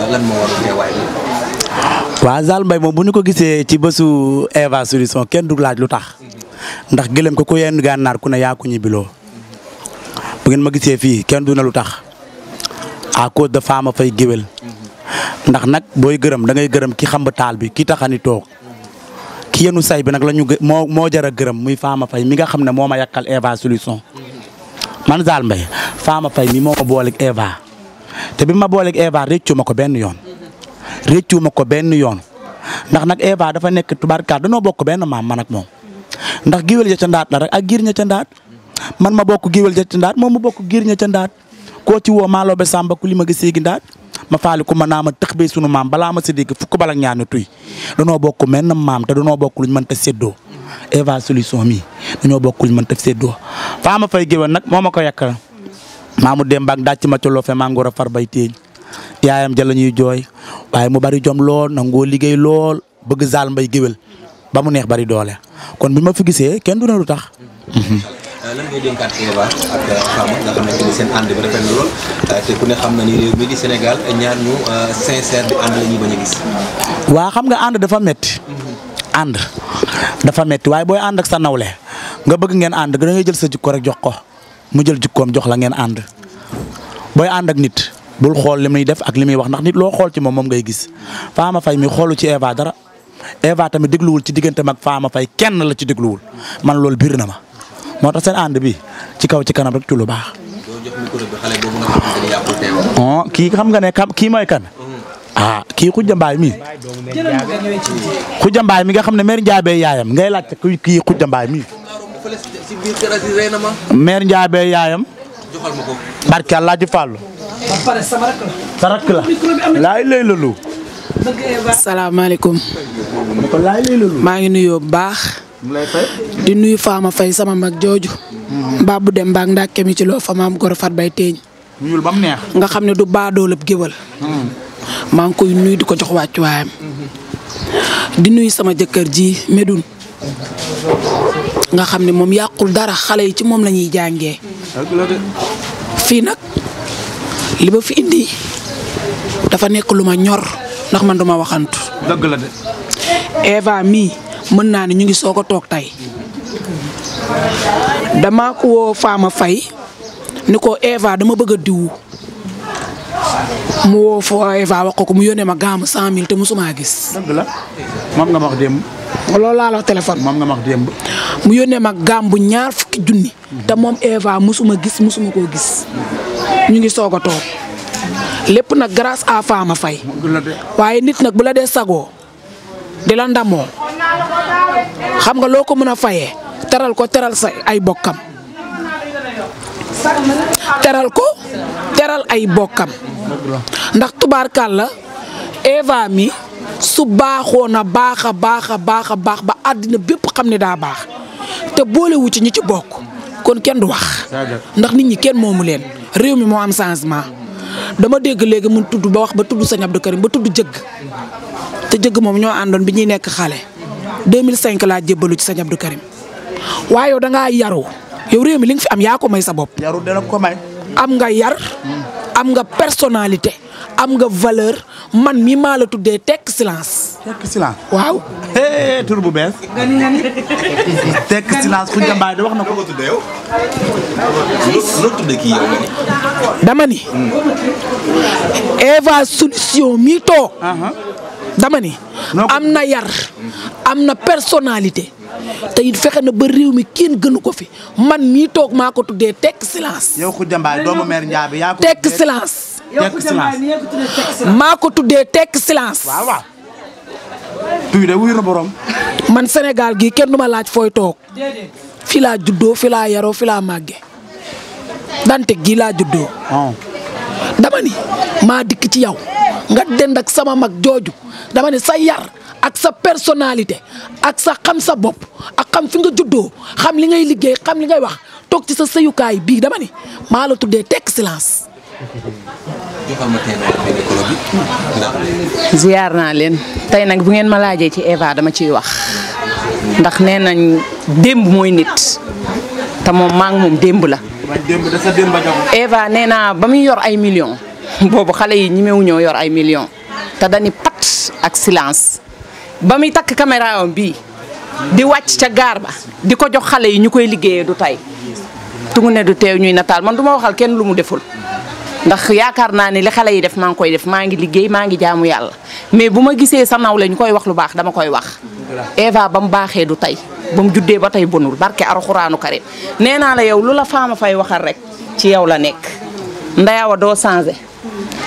euh, moom bu ñu ko gisee ci bésu Eva Solution kenn du laaj lu tax ndax gëlëm ko ko yenn gànnaar ku ne yaa ko ñibbiloo bu ngeen ma gisee fii kenn du na lu tax à cause de femme fay géwél mhm. ndax nag booy gërëm da ngay gërëm ki xam ba taal bi ki taxani toog. ki yenu say bi nag la ñu moo moo jar a gërëm muy Fama Faye mi nga xam ne moo ma yàqal Eva solution man Zal Mbaye Fama Faye mi moo ma booleeg Eva te bi ma booleeg Eva réccu ma ko benn yoon réccu ma ko benn yoon ndax nag Eva dafa nekk tubaarkaat danoo bokk benn maam man ak moom ndax giwel ja ca ndaat la rek ak giir ña ca ndaat man ma bokk giwel ja ca ndaat moom ma bokk giir ña ca ndaat koo ci woo li ma gi ndaat ma faali ku ma naa ma tëx bee sunu maam balaa ma si dégg fukk bala ñaar ni tuy danoo bokk menn maam te danoo bokk luñ mënta séddoo Eva solution mi dañoo bokk luñ mënta séddoo faama fa géwél nag moo ma ko yàkkal maamu dem baag dàcc ma coloo fe maa far bay téeñ yaayam ja la ñuy jooy waaye mu bari jom lool nangoo liggéey lool bëgg zaal mbay géwél ba mu neex bari doole kon bi ma fi gisee kenn du tax Euh, lan ngay dénkaat Eva euh, na lool euh, te ku ne xam waa xam nga ànd dafa metti mm-hmm. ànd dafa metti waaye booy ànd ak sa nawle nga bëgg ngeen ànd da jël sa jikko rek jox ko mu jël jox la ngeen ànd booy ànd ak nit bul xool li muy def ak li muy wax ndax nit loo xool ci moom moom ngay gis Fama Faye mi xoolu ci Eva dara Eva tamit dégluwul ci digganteem ak Fama Faye kenn la ci dégluwul man loolu biir na ma. moo tax seen ànd bi ci kaw ci kanam rek ci lu baax. oh kii xam nga ne kii mooy kan. ah kii Khoudia Mbaye mi mi nga xam ne mère Ndiabé yaayam ngay laajte kuy kii Khoudia Mbaye mi mère Ndiabé yaayam. joxal ma ko. barke lay lalu. salaamaaleykum. maa ngi nuyoo bu baax. di nuyu Fama fay sama mag jooju. Mm-hmm. bu dem mbaag ndaa mi ci loo fa maam goro fat bay teeñ. nga xam ne du baadoolab géwal. Mm-hmm. maa ngi koy nuyu di ko jox wàccuwaayam. Mm-hmm. di nuyu sama jëkkër ji Medoune. nga xam ne moom yàqul dara xale yi ci moom lañuy jànge fii nag li ba fi indi dafa nekk lu ma ñor ndax man duma waxantu. Eva mii. mën naa ne ñu ngi soog a toog tey dama ko woo Fama fay ni ko Eva dama bëgg a diwu mu woo foo Eva wax ko mu yónnee ma gaamu sant mille te musuma gis. dëgg la moom nga ma wax démb. téléphone. moom nga ma wax mu yónnee ma gaam bu ñaar fukki moom Eva musuma gis musuma koo gis ñu ngi soog a toog lépp nag grâce à Fama fay waaye nit nag bu la dee sagoo. di la ndamoo xam nga loo ko mën a fayee teral ko teral ay bokkam teral ko teral ay bokkam ndax tubaarkàlla Eva mi su baaxoon a baax a baax baax a baax ba àddina bépp xam ne daa baax te boolewu ci ñu ci bokk kon kenn du wax ndax nit ñi kenn moomu leen réew mi moo am changement dama dégg léegi mun tudd ba wax ba tudd Sëñ Abdou Karim ba tudd jëgg te jëgg moom ñoo àndoon bi ñuy nekk xale 2005 laa jébbalu ci sëñ Abdou Karim waaye yow da ngaa yaru yow réew mi li nga fi am yaa ko may sa bopp. yaru dana ko am nga yar. am nga personnalité. am nga valeur man mi maa la tuddee tekk silence. tekk silence waaw. tur bu bees. tekk silence ku njambaay da wax na ko. ni. Eva solution mi too. dama ne am na yar am na personnalité te it fexe na ba réew mi kenn gënu ko fi man mii toog maa ko tuddee tekk silence. yow Khoudia Mbaye doomu mère Ndiaye yaa tekk silence. tekk silence maa ko tuddee tekk silence. waaw waaw. borom. man Sénégal gii kenn du ma laaj fooy toog. fi laa juddoo fi laa yaroo fi laa màggee dante gii laa juddoo. Oh. dama ni maa dikk ci yow. nga dend ak sama mag jooju dama ne sa yar ak sa personnalité ak sa xam sa bopp ak xam fi nga juddoo xam li ngay liggéey xam li ngay wax toog ci sa sëyukaay bii dama maa la tuddee tekk silence. ziyaar naa leen tey nag bu ngeen ma laajee ci Eva dama ciy wax ndax nee nañ démb mooy nit te moom maa moom démb la. Eva nee naa ba muy yor ay millions. boobu xale yi ñemewuñoo yor ay million te dañuy pat ak silence ba muy takk caméra am bii di wàcc ca gaar ba di ko jox xale yi ñu koy liggéeyee du tey tungu ne du teew ñuy nataal man duma waxal kenn lu mu deful ndax yaakaar naa ni li xale yi def maa ngi koy def maa ngi liggéey maa ngi jaamu yàlla mais bu ma gisee sa nawle ñu koy wax lu baax dama koy wax Eva ba mu baaxee du tey ba mu juddee ba tey bonul barke Alxuraanu Karim nee naa la yow lu la faama fay waxal rek ci yow la nekk ndayawa doo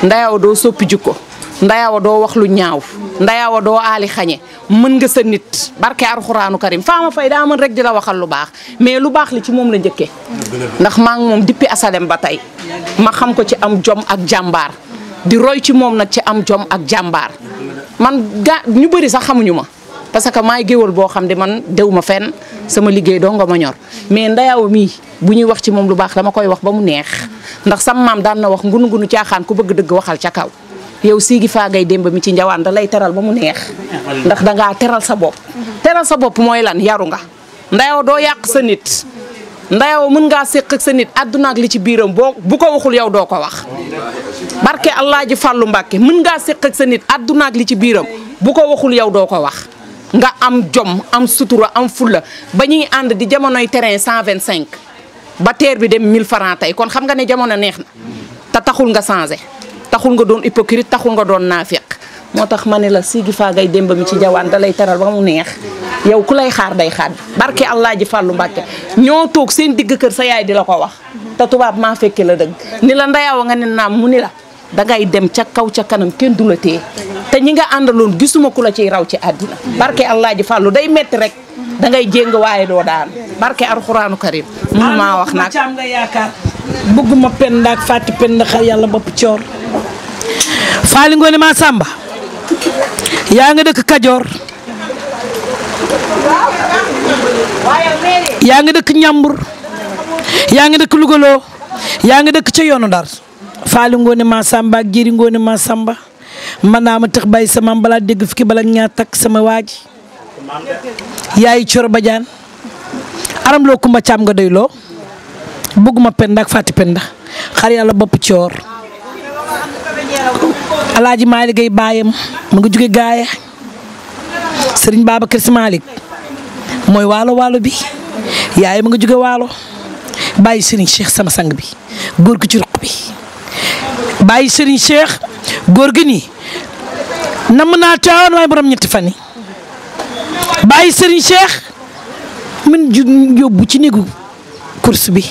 ndayaawa doo soppi jikko ndayaawa doo wax lu ñaaw ndayaawa doo aali xañe mën nga sa nit barke arxuraanu karim faama fay daa mën rek di la waxal lu baax mais lu baax li ci moom la njëkkee ndax maa ngi moom dippi asalem ba tey ma xam ko ci am jom ak jàmbaar di roy ci moom nag ci am jom ak jàmbaar man gaa ñu bëri sax xamuñu ma parce que maay géwal boo xam ne man dew ma fen sama liggéey doo nga ma ñor mais ndeyaaw mii bu ñuy wax ci moom lu baax dama koy wax ba mu neex ndax sama maam daan na wax ngunu ngunu caaxaan ku bëgg dëgg waxal ca kaw yow siigi faa ngay démb mi ci njawaan da lay teral ba mu neex ndax dangaa teral sa bopp teral sa bopp mooy lan yaru nga ndeyaaw doo yàq sa nit ndayaw mën nga séq sa nit àdduna ak li ci biiram boo bu ko waxul yow doo ko wax barke Allaaji Fàllu Mbàkke mën ngaa séq sa nit àdduna ak ci biiram doo ko wax nga am jom am sutura am fulla ba ñuy ànd di jamonoy terrain 125 ba teer bi dem mille farant tey kon xam nga ne jamono neex na te taxul nga changé taxul nga doon hypocrite taxul nga doon naafeq moo tax ma ne la siigi faa ngay ci jawaan da lay teral ba mu neex yow ku lay xaar day xaar barke allah ji fàllu mbàkke ñoo toog seen digg kër sa yaay di la ko wax te tubaab maa fekkee la dëgg ni la ndeyaw nga ne naam mu ni la dangay dem ca kaw ca kanam kenn du la téye te ñi nga àndaloon gisuma ku la ciy raw ci àddina barke allah ji fàllu day metti rek dangay jéng waaye doo daan barke alxuraanu karim mënu maa wax naa am nga yaakaar bëgguma penn ndaak fàtti penn xar yàlla bopp coor faali ngoone maa sàmba yaa nga dëkk kajoor yaa nga dëkk ñambur yaa nga dëkk lugaloo yaa nga dëkk ca yoonu ndar faali ngoone maa samba ak jëri ngoone maa samba man naa ma tëx bàyyi sama maam balaa dégg fukki bala ñaa takk sama waaji yaayu Coro Badiane aram loo kumba caam nga doy loo bëgguma penda ak fàtti penda xar yàlla bopp coor alaaji Maalik Gay baayam mu ngi jóge gaaya sëriñ Babacar Si mooy waalo waalo bi yaayam mu ngi jóge waalo bàyyi sëriñ Cheikh sama sang bi góor gi bi bàyyi Serigne Cheikh góor gi nii namm naa Tiwaawan waaye borom ñetti fan yi bàyyi Serigne Cheikh ju yóbbu ci néegu course bi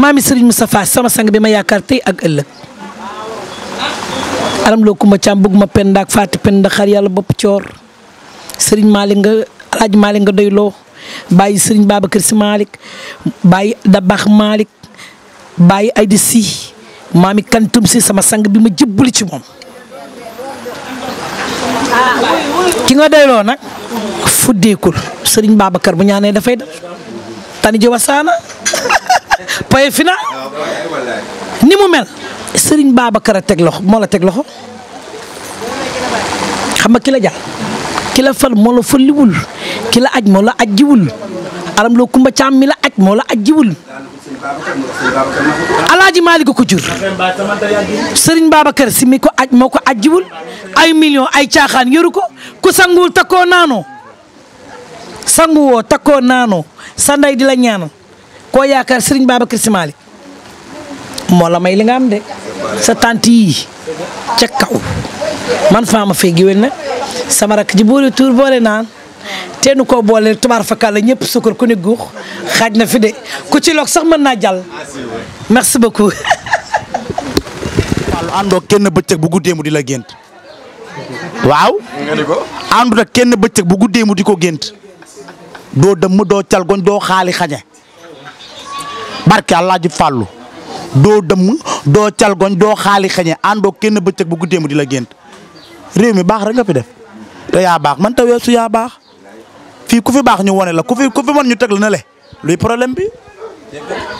maami Serigne Moustapha sama sang bi ma yaakaar tey ak ëllëg aram loo kumba caam bëgg ma penda faati penda xar yàlla bopp coor Serigne Malick nga Alaaji Malick nga doy loo bàyyi Serigne Babacar Si Malick bàyyi Dabax bàyyi ay di si maami kantum si sama sang bi ma jëbbali ci moom ki nga doyloo nag fuddeekul sëriñ Babacar bu ñaanee dafay def tani jowa saana paye fina ni mu mel sëriñ Babacar a teg loxo mola teg loxo xam nga ki la jàll ki la fal moo la fëlliwul ki aj moo la aram loo kumba caam mi la aj moo la aj jiwul alaaji Maalik ko jur sëriñ si mi ko aj moo ko aj jiwul ay million ay caaxaan yoru ko ku sanguwul takkoo naanoo sanguwoo takkoo naanoo sa ndey di la ñaanal koo yaakaar sëriñ Babacar si Maalik moo la may de sa tànt yii kaw man faama fee géwél na sama rakk ji boole boole naan te nu ko boole tubaar fakal la ñëpp sukkar ku ne guux xaaj na fi de ku ci loog sax mën naa jàll merci beaucoup. waaw àndoo kenn bëccëg bu guddee mu di la gént. waaw. nga ni kenn bëccëg bu guddee di ko gént. doo dëmm doo calgoñ doo xaali xañe barke Alaaji fallu doo dëmm doo calgoñ doo xaali xañe àndoo kenn bëccëg bu guddee mu di la gént réew mi baax rek nga fi def te baax man weesu yaa baax. fii ku fi baax ñu wone la ku fi ku fi mën ñu teg la luy problème bi.